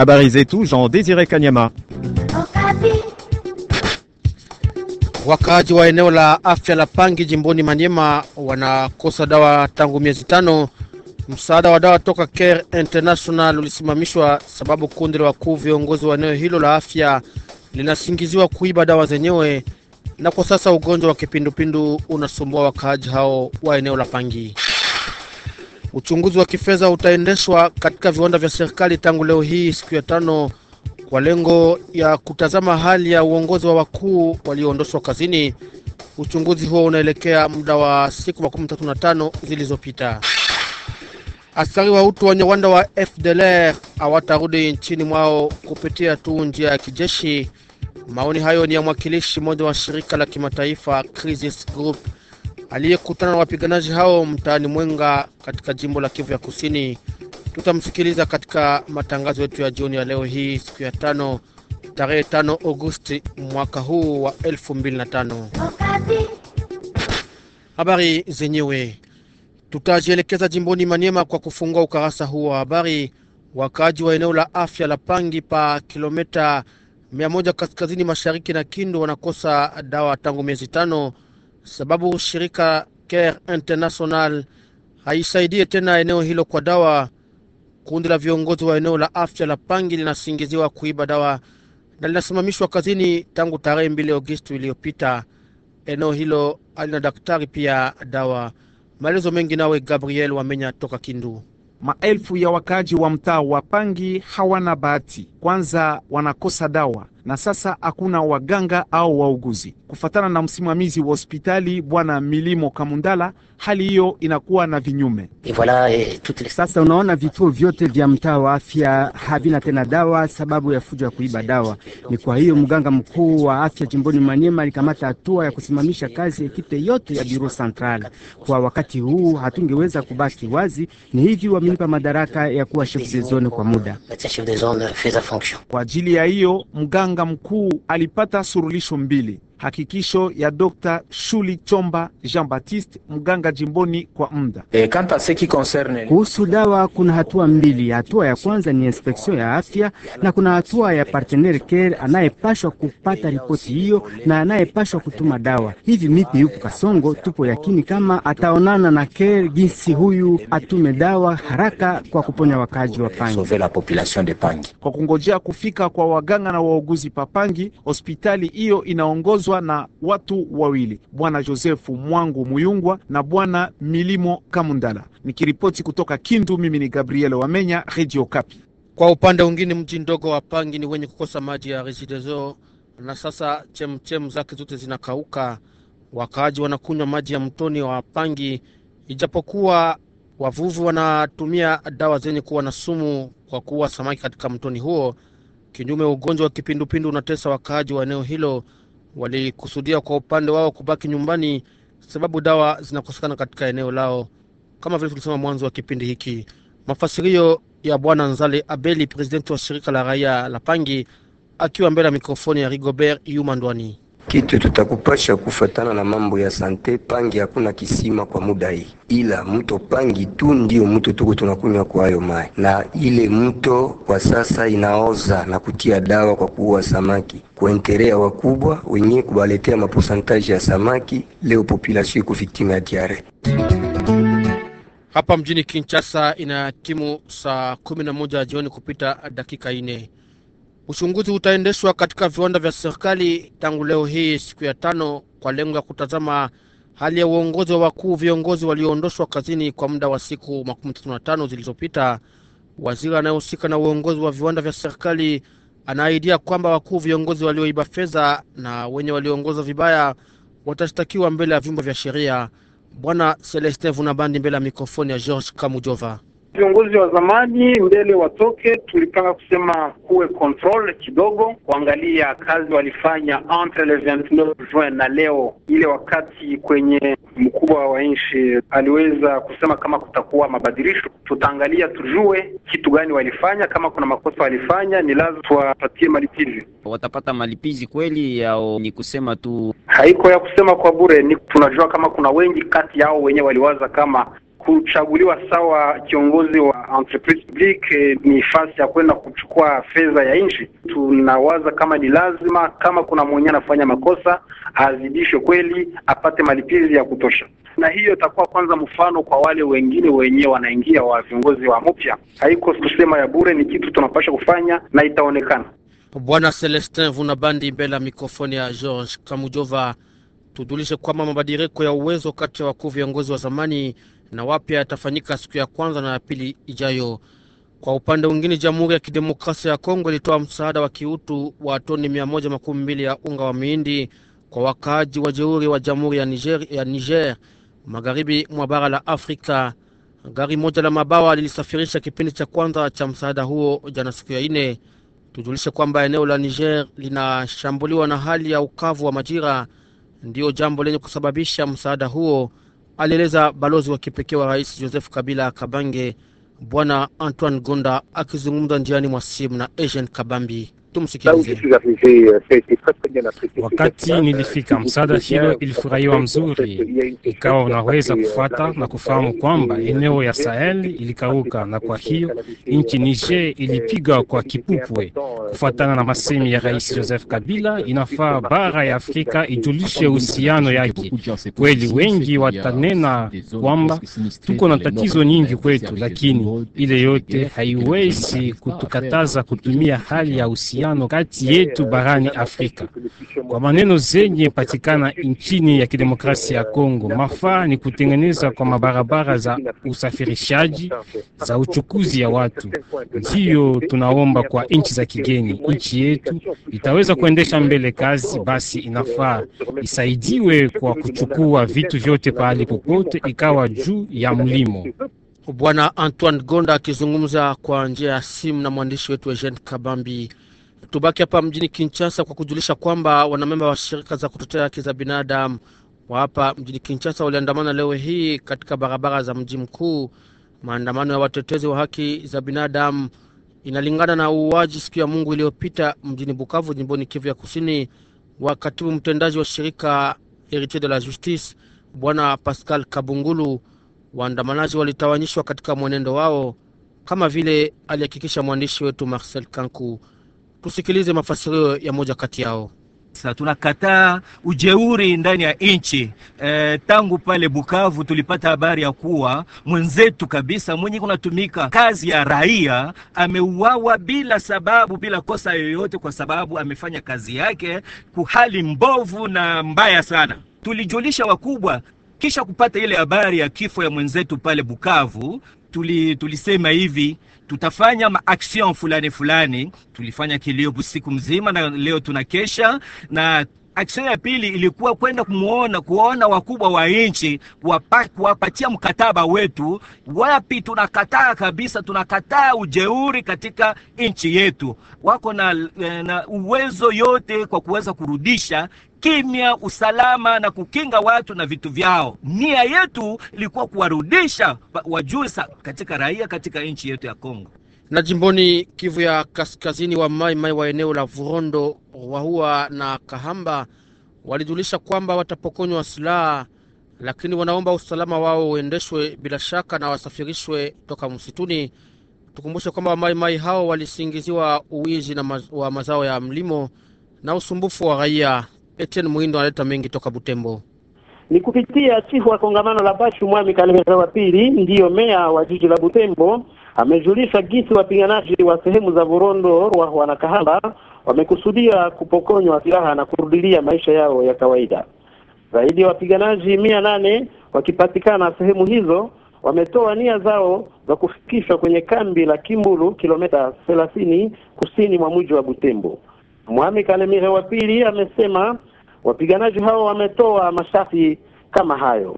Habariz et tout Jean-Désiré Kanyama. Wakaaji wa eneo la afya la Pangi jimboni Manyema wanakosa dawa tangu miezi tano. Msaada wa dawa toka Care International ulisimamishwa sababu kundi la wakuu viongozi wa eneo hilo la afya linasingiziwa kuiba dawa zenyewe, na kwa sasa ugonjwa wa kipindupindu unasumbua wakaaji hao wa eneo la Pangi. Uchunguzi wa kifedha utaendeshwa katika viwanda vya serikali tangu leo hii siku ya tano kwa lengo ya kutazama hali ya uongozi wa wakuu walioondoshwa kazini. Uchunguzi huo unaelekea muda wa siku 35 zilizopita. Askari wa utu wa Nyarwanda wa FDLR hawatarudi nchini mwao kupitia tu njia ya kijeshi. Maoni hayo ni ya mwakilishi mmoja wa shirika la kimataifa Crisis Group aliyekutana na wapiganaji hao mtaani Mwenga katika jimbo la Kivu ya Kusini. Tutamsikiliza katika matangazo yetu ya jioni ya leo hii, siku ya tano tarehe 5 Agosti mwaka huu wa 2005. Habari zenyewe tutajielekeza jimboni Maniema kwa kufungua ukarasa huu wa habari. Wakaaji wa eneo la afya la Pangi pa kilomita 100 kaskazini mashariki na Kindu wanakosa dawa tangu miezi tano sababu shirika Care International haisaidie tena eneo hilo kwa dawa. Kundi la viongozi wa eneo la afya la Pangi linasingiziwa kuiba dawa na linasimamishwa kazini tangu tarehe mbili Agosti iliyopita. Eneo hilo halina daktari pia dawa. Maelezo mengi nawe Gabriel Wamenya toka Kindu. Maelfu ya wakaaji wa mtaa wa Pangi hawana bahati, kwanza wanakosa dawa na sasa hakuna waganga au wauguzi. Kufatana na msimamizi wa hospitali Bwana Milimo Kamundala, hali hiyo inakuwa na vinyume. Eh, sasa unaona vituo vyote vya mtaa wa afya havina tena dawa sababu ya fujo ya kuiba dawa. Ni kwa hiyo mganga mkuu wa afya jimboni Maniema alikamata hatua ya kusimamisha kazi ekipe yote ya biro central. Kwa wakati huu hatungeweza kubaki wazi, ni hivi wamenipa madaraka ya kuwa chef de zone kwa muda. Kwa ajili ya hiyo mganga mganga mkuu alipata surulisho mbili. Hakikisho ya Dr. Shuli Chomba Jean Baptiste, mganga jimboni kwa muda. E, kuhusu dawa kuna hatua mbili. Hatua ya kwanza ni inspeksion ya afya na kuna hatua ya partenaire care anayepashwa kupata ripoti hiyo na anayepashwa kutuma dawa. Hivi mipi yupo Kasongo, tupo yakini kama ataonana na care jinsi huyu atume dawa haraka kwa kuponya wakaji wa Pangi. Kwa kungojea kufika kwa waganga na wauguzi papangi, hospitali hiyo inaongozwa iliongozwa na watu wawili, bwana Josefu Mwangu Muyungwa na bwana Milimo Kamundala. Nikiripoti kutoka Kindu, mimi ni Gabriel Wamenya, Radio Kapi. Kwa upande mwingine, mji ndogo wa Pangi ni wenye kukosa maji ya Regideso na sasa chemchem zake zote zinakauka. Wakaaji wanakunywa maji ya mtoni wa Pangi, ijapokuwa wavuvi wanatumia dawa zenye kuwa na sumu kwa kuua samaki katika mtoni huo. Kinyume, ugonjwa wa kipindupindu unatesa wakaaji wa eneo hilo walikusudia kwa upande wao kubaki nyumbani, sababu dawa zinakosekana katika eneo lao, kama vile tulisema mwanzo wa kipindi hiki. Mafasirio ya Bwana Nzale Abeli, presidenti wa shirika la raia la Pangi, akiwa mbele ya mikrofoni ya Rigobert yumandwani kitu tutakupasha kufatana na mambo ya sante. Pangi hakuna kisima kwa muda hii, ila mto Pangi tu ndio mto tuko tunakunywa kwa hayo mai, na ile mto kwa sasa inaoza na kutia dawa kwa kuua samaki kuenterea wakubwa wenye kubaletea maposantaji ya samaki. Leo populasio iko viktima ya diare hapa mjini Kinshasa. Ina timu saa kumi na moja jioni kupita dakika ine. Uchunguzi utaendeshwa katika viwanda vya serikali tangu leo hii siku ya tano, kwa lengo ya kutazama hali ya uongozi wa wakuu viongozi walioondoshwa kazini kwa muda wa siku makumi zilizopita. Waziri anayehusika na uongozi wa viwanda vya serikali anaahidia kwamba wakuu viongozi walioiba fedha na wenye walioongoza vibaya watashtakiwa mbele ya vyombo vya sheria. Bwana Celestin Vunabandi mbele ya mikrofoni ya George Kamujova. Viongozi wa zamani mbele watoke, tulipanga kusema kuwe control kidogo, kuangalia kazi walifanya entre le 29 juin na leo, ile wakati kwenye mkubwa wa nchi aliweza kusema kama kutakuwa mabadilisho, tutaangalia tujue kitu gani walifanya, kama kuna makosa walifanya ni lazima tuwapatie malipizi. Watapata malipizi kweli yao? Ni kusema tu haiko ya kusema kwa bure, ni tunajua kama kuna wengi kati yao wenyewe waliwaza kama kuchaguliwa sawa kiongozi wa entreprise publique eh, ni fasi ya kwenda kuchukua fedha ya nchi. Tunawaza kama ni lazima, kama kuna mwenye anafanya makosa azidishwe kweli, apate malipizi ya kutosha, na hiyo itakuwa kwanza mfano kwa wale wengine wenyewe wanaingia wa viongozi wa mpya. Haiko kusema ya bure, ni kitu tunapasha kufanya na itaonekana. Bwana Celestin Vunabandi mbele ya mikrofoni ya George Kamujova, tujulishe kwamba mabadiriko ya uwezo kati ya wakuu viongozi wa zamani na wapya yatafanyika siku ya kwanza na ya pili ijayo. Kwa upande mwingine, Jamhuri ya Kidemokrasia ya Kongo ilitoa msaada wa kiutu wa toni mia moja makumi mbili ya unga wa miindi kwa wakaaji wa jeuri wa Jamhuri ya Niger, ya Niger magharibi mwa bara la Afrika. Gari moja la mabawa lilisafirisha kipindi cha kwanza cha msaada huo jana siku ya ine. Tujulishe kwamba eneo la Niger linashambuliwa na hali ya ukavu wa majira, ndiyo jambo lenye kusababisha msaada huo alieleza balozi wa kipekee wa rais Joseph Kabila Kabange, Bwana Antoine Gonda akizungumza njiani mwa simu na Asian Kabambi. Wakati nilifika, msaada hilo ilifurahiwa mzuri, ikawa unaweza kufuata na kufahamu kwamba eneo ya sahel ilikauka, na kwa hiyo nchi Niger ilipiga kwa kipupwe. Kufuatana na masemi ya Rais Joseph Kabila, inafaa bara ya Afrika ijulishe uhusiano yake. Kweli wengi watanena kwamba tuko na tatizo nyingi kwetu, lakini ile yote haiwezi kutukataza kutumia hali ya uhusiano ushirikiano eh, eh, kati yetu barani Afrika. Kwa maneno zenye patikana nchini ya kidemokrasia ya Kongo, mafaa ni kutengeneza kwa mabarabara za usafirishaji za uchukuzi ya watu. Ndiyo tunaomba kwa nchi za kigeni. Nchi yetu itaweza kuendesha mbele kazi, basi inafaa isaidiwe kwa kuchukua vitu vyote pahali popote, ikawa juu ya mlimo. Bwana Antoine Gonda akizungumza kwa njia ya simu na mwandishi wetu Eugene Kabambi. Tubaki hapa mjini Kinshasa kwa kujulisha kwamba wanamemba wa shirika za kutetea haki za binadamu wa hapa mjini Kinshasa waliandamana leo hii katika barabara za mji mkuu. Maandamano ya watetezi wa haki za binadamu inalingana na uuaji siku ya Mungu iliyopita mjini Bukavu, jimboni Kivu ya Kusini, wa katibu mtendaji wa shirika Heritier de la Justice Bwana Pascal Kabungulu. Waandamanaji walitawanyishwa katika mwenendo wao, kama vile alihakikisha mwandishi wetu Marcel Kanku tusikilize mafasirio ya moja kati yao. Sasa tunakataa ujeuri ndani ya nchi e. Eh, tangu pale Bukavu tulipata habari ya kuwa mwenzetu kabisa mwenye kunatumika kazi ya raia ameuawa bila sababu, bila kosa yoyote, kwa sababu amefanya kazi yake kuhali mbovu na mbaya sana. Tulijulisha wakubwa kisha kupata ile habari ya kifo ya mwenzetu pale Bukavu, tuli, tulisema hivi tutafanya maaction fulani fulani. Tulifanya kilio usiku mzima na leo tunakesha na action ya pili ilikuwa kwenda kumuona kuona wakubwa wa nchi kuwapatia mkataba wetu, wapi tunakataa kabisa, tunakataa ujeuri katika nchi yetu. Wako na, eh, na uwezo yote kwa kuweza kurudisha kimya, usalama na kukinga watu na vitu vyao. Nia yetu ilikuwa kuwarudisha wajusa katika raia katika nchi yetu ya Kongo. Na jimboni Kivu ya kaskazini, wa mai mai wa eneo la Vurondo, Wahua na Kahamba walijulisha kwamba watapokonywa silaha, lakini wanaomba usalama wao uendeshwe bila shaka na wasafirishwe toka msituni. Tukumbushe kwamba wamaimai hao walisingiziwa uwizi na wa mazao ya mlimo na usumbufu wa raia. Etienne Muindo analeta mengi toka Butembo. Ni kupitia chifu wa kongamano la Bashu Mwami Kalemera wa pili, ndiyo meya wa jiji la Butembo, amejulisha gisi wapiganaji wa sehemu za Vurondo wa Wanakahala wamekusudia kupokonywa silaha na kurudilia maisha yao ya kawaida. Zaidi ya wapiganaji mia nane wakipatikana sehemu hizo wametoa nia zao za kufikishwa kwenye kambi la Kimbulu, kilomita thelathini kusini mwa mji wa Butembo. Mwami Kalemire wa pili amesema Wapiganaji hao wametoa masafi kama hayo: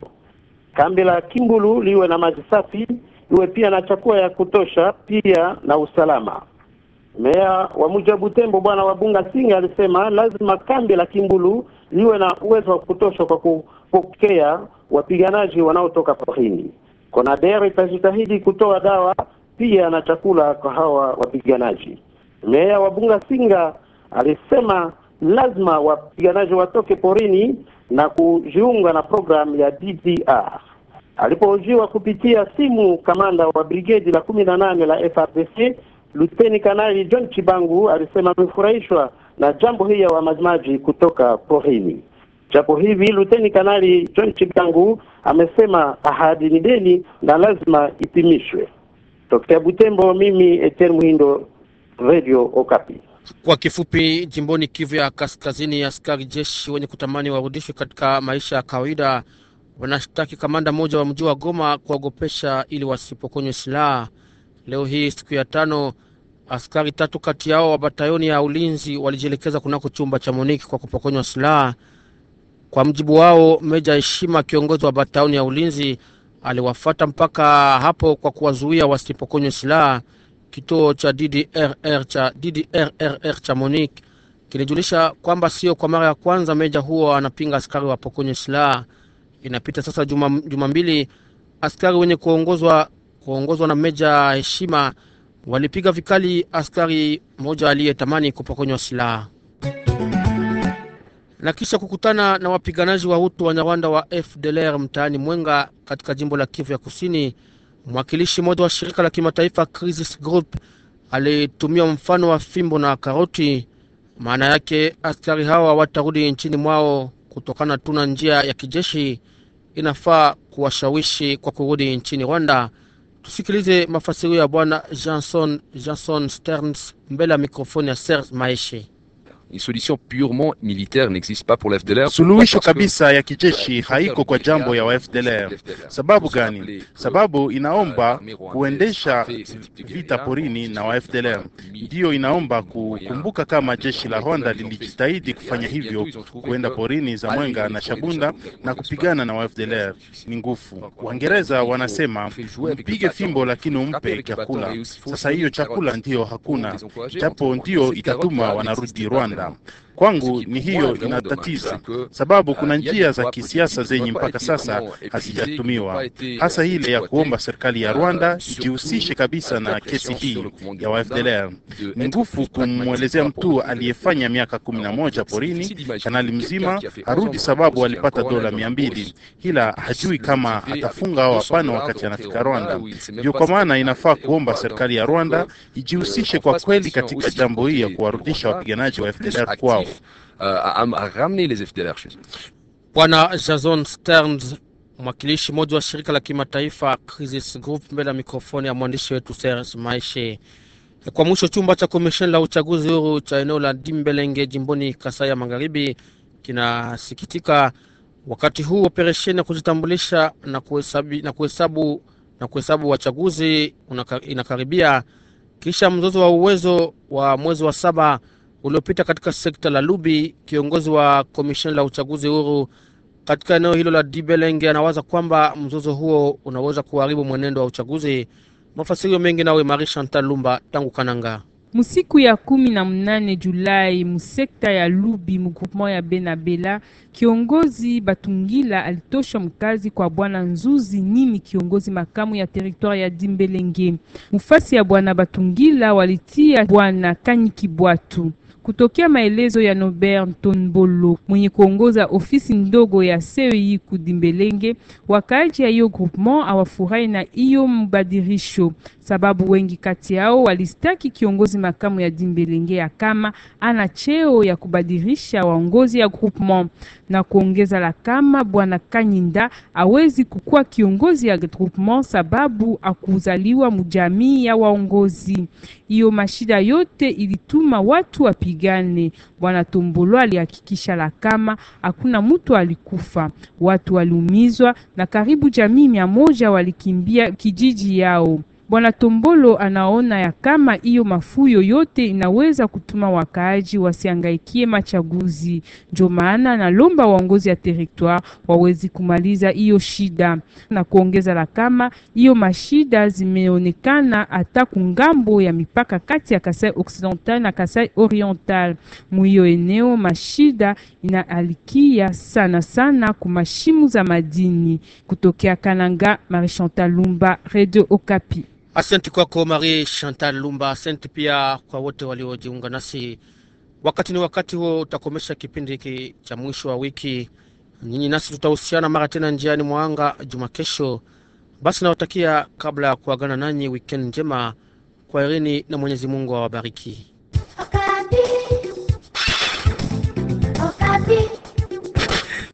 kambi la Kimbulu liwe na maji safi, liwe pia na chakula ya kutosha, pia na usalama. Meya wa mji wa Butembo Bwana Wabunga Singa alisema lazima kambi la Kimbulu liwe na uwezo wa kutosha kwa kupokea wapiganaji wanaotoka porini. Konader itajitahidi kutoa dawa pia na chakula kwa hawa wapiganaji. Meya wa Bunga Singa alisema lazima wapiganaji watoke porini na kujiunga na programu ya DDR. Alipohojiwa kupitia simu, kamanda wa brigedi la kumi na nane la FRDC Luteni Kanali John Chibangu alisema amefurahishwa na jambo hili wa majimaji kutoka porini. Japo hivi Luteni Kanali John Chibangu amesema ahadi ni deni na lazima itimishwe. Tokea Butembo, mimi Etienne Muhindo, Radio Okapi. Kwa kifupi, jimboni Kivu ya Kaskazini, askari jeshi wenye kutamani warudishwe katika maisha ya kawaida wanashtaki kamanda mmoja wa mji wa Goma kuogopesha ili wasipokonywe silaha. Leo hii siku ya tano, askari tatu kati yao wa batayoni ya ulinzi walijielekeza kunako chumba cha Moniki kwa kupokonywa silaha. Kwa mjibu wao, Meja Heshima, kiongozi wa batayoni ya ulinzi, aliwafata mpaka hapo kwa kuwazuia wasipokonywe silaha. Kituo cha DDRR cha DDRRR cha Monique kilijulisha kwamba sio kwa mara ya kwanza meja huo anapinga askari wapokonye silaha. Inapita sasa juma, juma mbili askari wenye kuongozwa kuongozwa na meja heshima walipiga vikali askari mmoja aliyetamani kupokonywa silaha na kisha kukutana na wapiganaji wa Hutu wa Nyarwanda wa FDLR mtaani Mwenga katika jimbo la Kivu ya Kusini. Mwakilishi mmoja wa shirika la kimataifa Crisis Group alitumia mfano wa fimbo na karoti. Maana yake askari hawa hawatarudi nchini mwao kutokana tu na njia ya kijeshi, inafaa kuwashawishi kwa kurudi nchini Rwanda. Tusikilize mafasirio ya Bwana Jason Jason Sterns mbele ya mikrofoni ya Serge Maishi solution purement militaire n'existe pas pour l'FDLR. Suluhisho kabisa ya kijeshi haiko kwa jambo ya FDLR. Sababu gani? Sababu inaomba kuendesha vita porini na WaFDLR, ndiyo inaomba kukumbuka kama jeshi la Rwanda lilijitahidi kufanya hivyo, kuenda porini za Mwenga na Shabunda na kupigana na FDLR. Ni nguvu. Waingereza wanasema mpige fimbo, lakini umpe chakula. Sasa hiyo chakula ndiyo hakuna, japo ndiyo itatuma wanarudi Rwanda. up. Kwangu ni hiyo inatatiza, sababu kuna ah, njia za kisiasa zenye mpaka sasa hazijatumiwa, hasa ile ya kuomba serikali ya ah, Rwanda ijihusishe kabisa na kesi hii ya wafdelea. Ni nguvu kumwelezea mtu aliyefanya miaka ah, kumi na moja porini, kanali mzima arudi sababu alipata dola mia mbili, ila hajui kama atafunga au hapana wakati anafika Rwanda. Ndio kwa maana inafaa eh, kuomba serikali ya Rwanda eh, ijihusishe eh, kwa kweli katika jambo hii ya kuwarudisha wapiganaji wa FDLR kwao uh, ramener les FDLR chez eux. Bwana Jason Stearns, mwakilishi mmoja wa shirika la kimataifa Crisis Group, mbele ya mikrofoni ya mwandishi wetu Serge Maishe. Kwa mwisho, chumba cha komisheni la uchaguzi huru cha eneo la Dimbelenge jimboni Kasai ya Magharibi kinasikitika wakati huu operesheni ya kujitambulisha na kuhesabu na kuhesabu na kuhesabu wachaguzi inakaribia kisha mzozo wa uwezo wa mwezi wa saba uliopita katika sekta la Lubi. Kiongozi wa komisheni la uchaguzi huru katika eneo hilo la Dibelenge anawaza kwamba mzozo huo unaweza kuharibu mwenendo wa uchaguzi. Mafasirio mengi nawe Marie Chantal Lumba tangu Kananga. Musiku ya kumi na mnane Julai musekta ya Lubi mugroupema ya Benabela, kiongozi Batungila alitosha mkazi kwa bwana Nzuzi Nini, kiongozi makamu ya teritwari ya Dimbelenge. Mufasi ya bwana Batungila walitia bwana Kanyikibwatu Kutokea maelezo ya nobert tonbolo mwenye kuongoza ofisi ndogo ya CEI Kudimbelenge, wakaaji ya hiyo groupement awafurahi na hiyo mbadirisho sababu wengi kati yao walistaki kiongozi makamu ya ya kama ana cheo ya kubadilisha waongozi ya groupement na kuongeza la kama bwana Kanyinda awezi kukuwa kiongozi ya groupement sababu akuzaliwa mujamii ya waongozi. Hiyo mashida yote ilituma watu wapigane. Bwana Tombolo alihakikisha la kama hakuna mtu alikufa, watu waliumizwa na karibu jamii mia moja walikimbia kijiji yao. Bwana Tombolo anaona ya kama hiyo mafuyo yote inaweza kutuma wakaaji wasiangaikie machaguzi. Ndio maana analomba waongozi ya territoire wawezi kumaliza hiyo shida na kuongeza la kama hiyo mashida zimeonekana hata kungambo ya mipaka kati ya Kasai Occidental na Kasai Oriental. Mwiyo eneo mashida inaalikia sana sana kumashimu za madini. Kutokea Kananga, Marichantal Lumba, Radio Okapi. Asante kwako Marie Chantal Lumba, asante pia kwa wote waliojiunga nasi. Wakati ni wakati huo utakomesha kipindi hiki cha mwisho wa wiki. Nyinyi nasi tutahusiana mara tena njiani mwanga juma kesho. Basi nawatakia kabla ya kuagana nanyi wikendi njema, kwa irini na Mwenyezi Mungu awabariki. Wakati.